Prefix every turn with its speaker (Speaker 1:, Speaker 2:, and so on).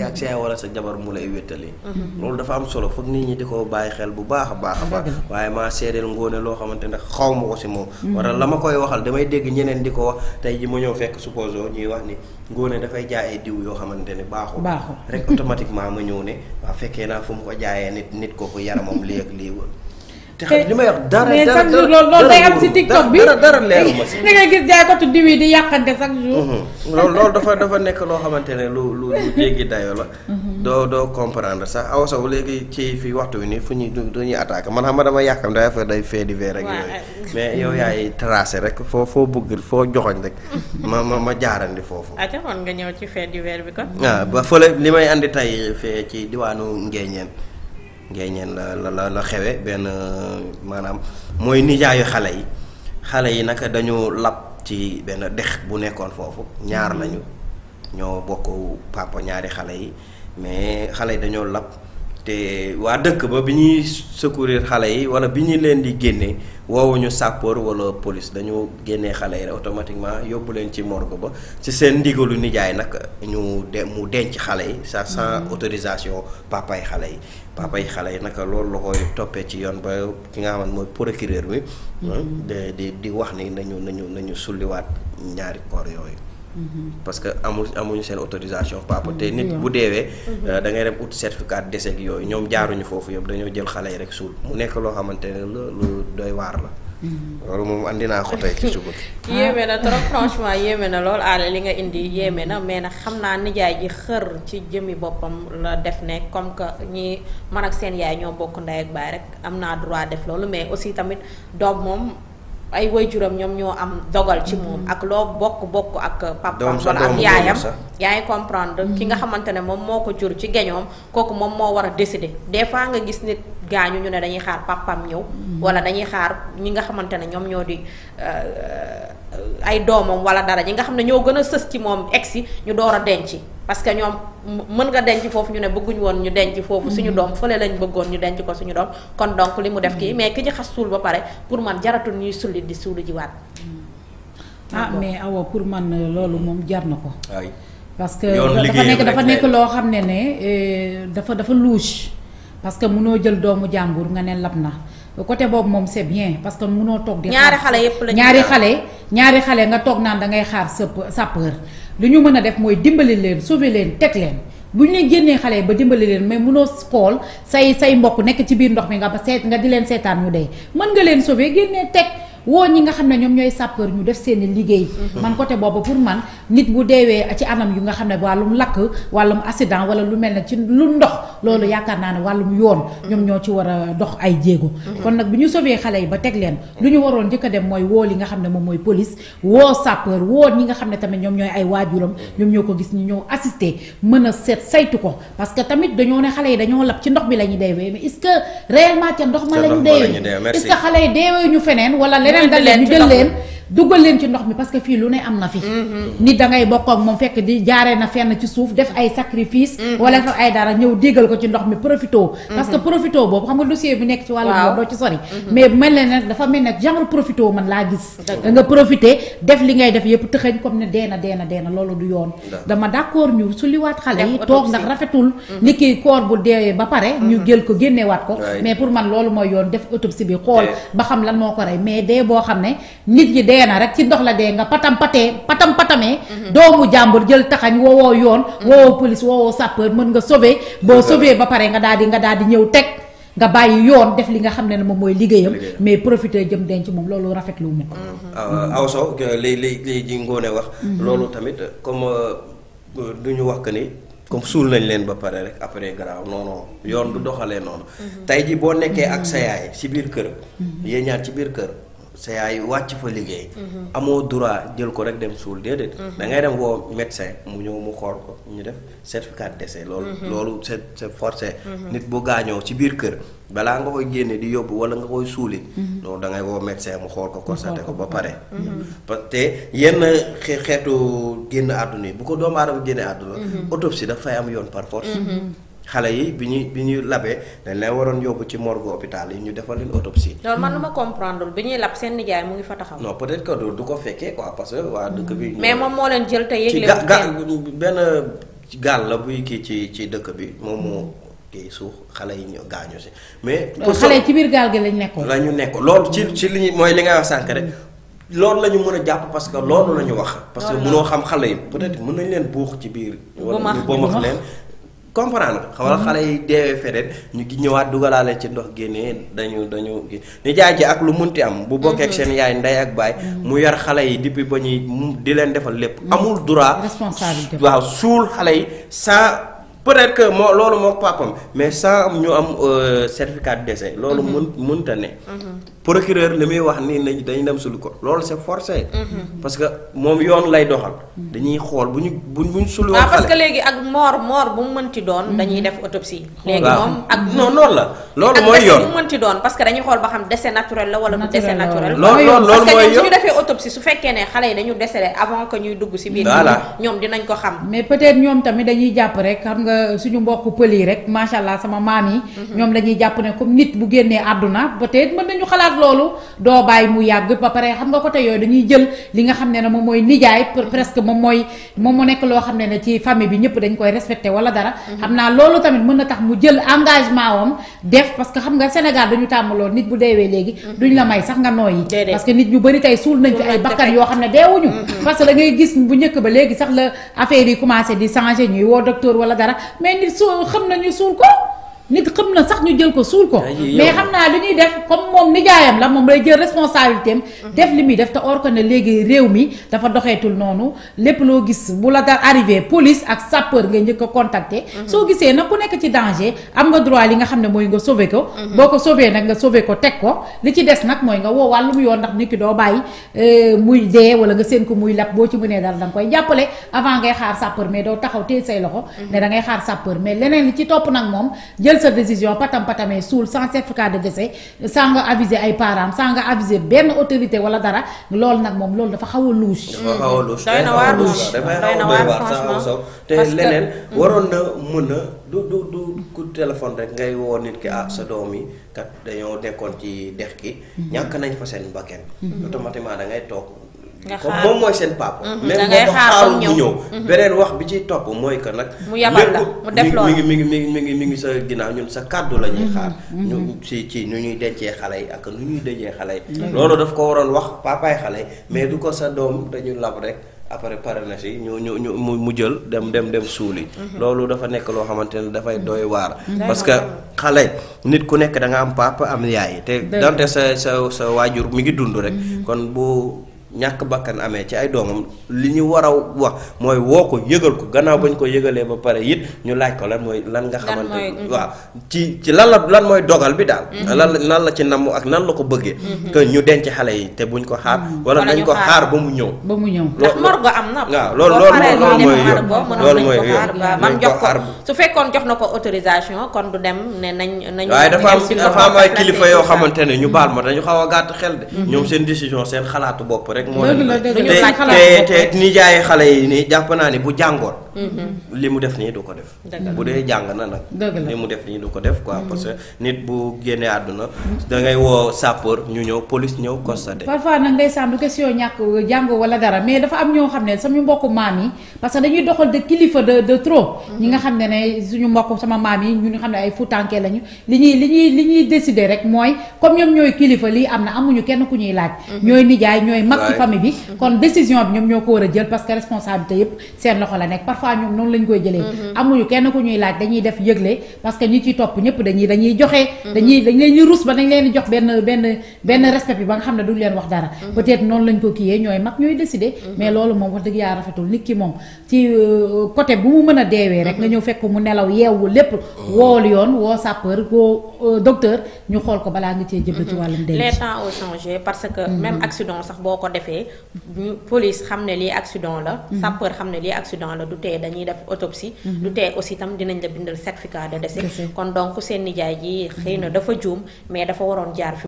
Speaker 1: yaag sa
Speaker 2: yaay wala sa jabar mu lay wéttali mm-hmm. loolu dafa am solo foog nit ñi di ko bàyyi xel bu baax a baax a baax waaye maa seedeel ngóone loo xamante ne xaw ma ko si moom mm-hmm. wala la ma koy waxal damay dégg ñeneen di ko wax tey ji ma ñëw fekk suppose ñuy wax ni ngóone dafay jaayee diw yoo xamante ne baaxul rek automatiquement ma ñëw ne waa fekkee naa fu mu ko jaayee nit nit ko ko yaramam lii ak lii
Speaker 3: te xam li dara dara mais si TikTok bi dara dara leeru ma da ngay gis jaaykatu diw yi di yàqante chaque jour.
Speaker 2: Mm-hmm. loolu dafa dafa nekk loo xamante ne lu lu lu jéggi dayoo la. Mm-hmm. doo doo comprendre sax aw saw léegi ci fi waxtu wi nii fu ñuy du ñuy attaqué man xam ma dama yàqam day fa day fee di weer ak yooyu. mais yow yaay tracé rek foo foo bëgg foo joxoñ rek. ma ma ma jaarandi foofu.
Speaker 1: ah nga ñëw ci fee di weer bi kon. waaw ah, ba fële
Speaker 2: li may indi tey fee ci diwaanu Ngéeñeen. ngay ñeen la la la xewe benn maanaam mooy nijaayu xale yi xale yi naka dañu lab ci benn dex bu nekkoon foofu ñaar lañu mm-hmm. ñoo bokk papa ñaari xale yi mais xale yi dañoo lab te waa dëkk ba bi ñuy secourir xale yi wala bi ñu leen di génnee woowuñu sapeur wala police dañu génnee xale yi automatiquement yóbbu leen ci morgo ba ci seen ndigalu nijaay nag ñu de mu denc xale yi sa sans mm-hmm. autorisation papa yi xale yi papa yi xale yi nag loolu la koy toppee ci yoon ba ki nga xamante mooy procureur bi mm-hmm. di di wax ni nañu nañu nañu sulliwaat ñaari koor yooyu parce que amul amuñu seen autorisation papa te nit bu deewee. Euh, da ngay dem ut certificat de yooyu ñoom jaaruñu foofu yëpp dañoo jël xale yi rek suul mu nekk loo xamante ne lu dooy waar la. loolu moom andi naa ko ci suba
Speaker 1: gi. yéeme na trop franchement yéeme na lool aale li nga indi yéeme na mais nag xam naa nijaay ji xër ci jëmmi boppam la def ne comme que ñi man ak seen yaay ñoo bokk ndey ak baay rek am naa droit def loolu mais aussi tamit doom moom. ay woy waajuram ñoom ñoo am dogal ci moom mm. ak loo bokk-bokk ak papaam wala ak yaayam yaa ngi comprendre mm. ki nga xamante ne moom moo ko jur ci geñoom kooku moom moo war a décider des fois nga gis nit gaañu ñu ne dañuy xaar papaam ñëw mm. wala dañuy xaar ñi nga xamante ne ñoom ñoo di euh, ay doomam wala dara ñi nga xam ne ñoo gën a sës ci moom si ñu door a denc parce que ñoom mën nga denc foofu ñu ne bëgguñ woon ñu denc foofu suñu mhm. doom fële lañ bëggoon ñu denc ko suñu doom kon donc li mu def kii mhm. mais ki ñu xas suul ba pare pour man jaratul ñuy sulli di suulu ji waat ah
Speaker 3: mais awa pour man euh, loolu moom jar na ko parce que dafa nekk dafa nekk loo xam ne ne euh, dafa dafa louche parce que mënoo jël doomu jàmbur nga ne lab na côté boobu moom c'est bien parce que mënoo toog di ñaari xale yëpp la ñaari xale ñaari xale nga toog naan da ngay xaar sëpp sapeur lu ñu mën a def mooy dimbali leen sauver leen teg leen bu ñu leen génnee xale ba dimbali leen mais munoo xool say say mbokk nekk ci biir ndox mi nga ba seet nga di leen seetaan ñu dee mën nga leen sauver génnee teg. woo ñi nga xam ne ñoom ñooy sapeur ñu def seen i liggéey mhm. man côté boobu pour man nit bu deewee ci anam yu nga xam ne wàllum lakk wàllum accident wala lu mel ne ci lu ndox loolu yaakaar naa ne wàllum yoon mhm. ñoom ñoo ci war a dox ay jéego mhm. kon nag bi ñu sauvé xale yi ba teg leen lu ñu waroon njëkk dem mooy woo li nga xam ne moom mooy police woo sapeur woo ñi nga xam ne tamit ñoom ñooy ay waajuram ñoom ñoo ko gis ñu ñëw assister mën a set saytu ko parce que tamit dañoo ne xale yi dañoo lab ci ndox bi la ñu deewee mais est-ce que réellement ca ndox ma la deewee est que xale yi deewee ñu feneen wala beneen dal bi jël leen duggal leen ci ndox mi parce que fii lu ne am na fi. Mm-hmm. nit da ngay bokk moom fekk di jaaree na fenn ci suuf def ay sacrifice. Mm-hmm. wala def ay dara ñëw déggal ko ci ndox mi profito. Mm-hmm. parce que profito boobu xam nga dossier bi nekk ci wàllu boobu doo mais mel ne dafa mel ne genre profito man laa gis. da nga profité def li ngay def yëpp tëxëñ comme ne deena deena deena loolu du yoon. dama accord ñu suliwaat xale yi toog ndax rafetul. ni ki koor bu dee ba pare. ñu jël ko génneewaat ko. mais pour man loolu mooy yoon def autopsie bi xool ba xam lan moo ko rey mais dee boo xam ne nit ñi dee na rek ci ndox la dee nga patam patee patam patamee mhm. doomu jàmbur jël taxañ woowoo yoon mhm. woowoo police woowoo sapeur mën nga sauver boo sauver ba pare nga daal di nga daal di ñëw teg nga bàyyi yoon def li nga xam ne ne moom mooy liggéeyam mais profité jëm denc moom loolu rafetlu lu ma ko
Speaker 2: mhm. ah, aw sow li li li ji ngoone wax loolu tamit comme euh, euh, du ñu wax que ni comme suul nañ leen ba pare rek après garaaw non non yoon du doxalee noonu tey ji boo nekkee ak sa yaay si biir kër yéen ñaar ci biir kër sa yaay wàcc fa liggéey. Mhm. amoo droit jël ko rek dem suul déedéet. Mhm. da ngay dem woo médecin mu ñëw mu xool ko ñu def certificat de décès. loolu mhm. loolu c'est c'est forcé. nit bu gaañoo ci biir kër balaa nga koy génne di yóbbu wala nga koy suuli. loolu da ngay woo médecin mu xool ko constaté ko ba pare. parce que yenn xeetu génn àdduna yi bu ko doomu aadama génne àdduna. autopsie dafay am yoon par xale yi bi ñuy bi ñuy labee dañ leen waroon yóbbu ci morgue hôpital yi ñu defal leen autopsie.
Speaker 1: loolu man lu ma comprendre bi ñuy lab seen nijaay mu ngi fa taxaw.
Speaker 2: non peut du ko fekkee quoi parce que waa dëkk bi. mais
Speaker 1: moom leen jël te yëgle. ci ga ga
Speaker 2: benn gaal la buy kii ci ci dëkk bi moom moo kii suuf xale yi ñu gaañu si. mais pour xale ci
Speaker 3: biir gaal gi lañ nekkoon. la
Speaker 2: ñu nekkoon loolu ci ci li mooy li nga wax sànq rek. loolu la ñu mën a jàpp parce que loolu la ñu wax. parce que mënoo xam xale yi peut-être mën nañ leen buux ci biir. wala ñu bëmax leen comprendre nga. xawal mhm. xale yi deewee feneen ñu gi ñëwaat dugalaale ci ndox génnee dañu dañu ni jaay ji ak lu munti am. bu bokkee mhm. seen yaay ndey ak baay. Mhm. mu yar xale yi depuis ba ñuy di leen defal lépp. amul droit
Speaker 3: responsabilité
Speaker 2: waaw suul xale yi sans. peut-être que moo loolu moo papam mais sans ñu am euh, certificat de décès loolu mën mënta ne procureur li muy wax ni nañ dañ dem sulu ko loolu c'est forcé mhm. parce que moom yoon lay doxal mhm. dañuy xool bu ñu bu buñ sulu woon ah, parce que
Speaker 1: léegi ak moor moor bu mu mënti doon mhm. dañuy def autopsie léegi moom ak non
Speaker 2: noonu la loolu mooy yoon bu
Speaker 1: mënti doon parce que dañuy xool ba xam décès naturel la wala du décès naturel loolu loolu parce que suñu defee autopsie su fekkee ne xale yi dañu décédé avant que ñuy dugg si biir ñoom dinañ ko xam
Speaker 3: mais peut-être ñoom tamit dañuy jàpp rek xam nga suñu mbokk pël yi rek macha allah sama maam yi ñoom dañuy jàpp ne comme nit génnee àdduna loolu doo bàyyi mu yàgg ba pare xam nga côté yooyu dañuy jël li nga xam ne ne moom mooy nijaay presque moom mooy moom mu nekk loo xam ne ne ci famille bi ñëpp dañ koy respecté wala dara mhm. xam naa loolu tamit mën na tax mu jël engagement wam def parce que xam nga Sénégal dañu tàmm loolu nit bu deewee léegi mhm. duñ la may sax nga nooyi parce que nit ñu bëri tey suul nañ fi ay bakkan yoo xam ne deewuñu mhm. parce que da gis bu njëkk ba léegi sax la affaire yi commencé di changé ñuy woo docteur wala dara mais nit su xam nañu suul ko nit xam na sax ñu jël ko suul ko mais xam naa li ñuy def comme moom nijaayam la moom lay jël responsabilité am mhm. def li muy def te or ko ne léegi réew mi dafa doxeetul noonu lépp loo gis bu la dara arrivé police ak sapeur nga njëkk a contacter mhm. soo gisee nag ku nekk ci danger am nga droit li nga xam ne mooy nga sobee ko mhm. boo ko sobee nag nga sobee ko teg ko li ci des nag mooy nga woo wàllum yoon ndax nit ki doo bàyyi euh, muy dee wala nga seen ko muy lap boo ci mënee dara da koy jàppale avant ngay xaar sapeur mais doo taxaw téye say loxo ne da ngay xaar leneen li ci topp nag moom jël sa décision patam patamee suul sans certificat de décès sans nga aviser ay parents sans nga aviser benn autorité wala dara lool nag moom loolu dafa xaw a louche. dafa
Speaker 2: xaw a louche day na dafay xaw leneen mm-hmm. waroon na mën a du du du ku téléphone rek ngay woo nit ki ah sa doom yi kat dañoo nekkoon ci dex ki mm-hmm. ñàkk nañ fa seen bakkan mm-hmm. automatiquement da ngay toog
Speaker 1: nga moom mooy
Speaker 2: seen papa. Mhm. da ngay xaar mu mu ñëw. Mhm. beneen wax bi ciy topp mooy que nag. mu yabal la mu def loolu lépp mi ngi mi ngi mi ngi mi ngi sa ginnaaw ñun sa kàddu la ñuy mhm. xaar. ñu ci ci nu ñuy dencee xale ak nu ñuy dencee xale yi. daf ko waroon wax papaay xale mais du ko sa dañu lab rek. après pare na si ñu ñu ñu mu jël dem dem dem suuli loolu dafa nekk loo xamante ne dafay doy waar parce que xale nit ku nekk danga am papa am yaay te donte sa sa sa waajur mi ngi dund rek kon bu ñàkk bakkan amee ci ay doomam li ñu war a wax mooy woo ko yëgal ko gannaaw bañ ko yëgalee ba pare it ñu laaj ko la mooy lan nga xamante waaw ci ci lan la lan mooy dogal bi daal mhm. lan la lan la ci namm ak nan la ko bëggee mhm. que ñu denc xale yi te buñ ko xaar mhm. wala nañ ko xaar ba mu ñëw
Speaker 3: ba mu ñëw ndax
Speaker 1: morgue am na waaw loolu loolu mooy yoon loolu mooy yoon man jox ko su fekkoon jox na ko autorisation kon du dem ne nañ nañ waaye dafa am dafa am
Speaker 2: ay kilifa ne ñu baal ma dañu xaw a gàtt xel de ñoom seen décision rek. moo leen te te nijaay xale yi nii jàpp naa ni bu jàngoon. Mm-hmm. li mu def nii du ko def. bu dee jàng na nag. li mu def nii du ko def quoi mm-hmm. parce que nit bu génnee àdduna. da ngay woo sapeur ñu ñëw police ñëw constaté.
Speaker 3: parfois nag ngay sàmm du question ñàkk jàngoo wala dara mais dafa am ñoo xam ne sama mbokku maam yi parce que dañuy doxal de de de trop. Mm-hmm. ñi nga xam ne ne suñu mbokk sama maam yi ñu xam ne ay futanke lañu li ñuy li ñuy li ñuy décider rek mooy comme ñoom ñooy kilifa lii am na amuñu kenn ku ñuy laaj. ñooy nijaay ñooy mag ci famille bi. kon décision bi ñoom ñoo ko war a jël parce que responsabilité yëpp parfois ñoom noonu lañ koy jëlee mm-hmm. amuñu kenn ku ñuy laaj dañuy def yëgle parce que ñi ci topp ñëpp dañuy dañuy joxe mm-hmm. dañuy dañ leen di rus ba dañ leen di jox benn benn benn mm-hmm. respect bi ba nga xam ne duñ leen wax dara peut-être noonu lañ ko kiiyee ñooy mag ñooy décider mais loolu moom wax dëgg yaa rafetul nit ki moom ci euh, côté bu mu mën a deewee rek nga ñëw fekk mu nelaw yeewu lépp oh. woolu yoon woo sapeur woo euh, docteur ñu xool ko balaa nga cee jëbla ci wàllum denc les
Speaker 1: temps ont changé parce que même accident sax boo ko defee police xam ne lii accident la sapeur tee dañuy def autopsie. Mhm. du tee aussi tam dinañ la bindal certificat de décès. kon donc seen nijaay ji xëy na mhm. dafa juum mais dafa waroon jaar fi.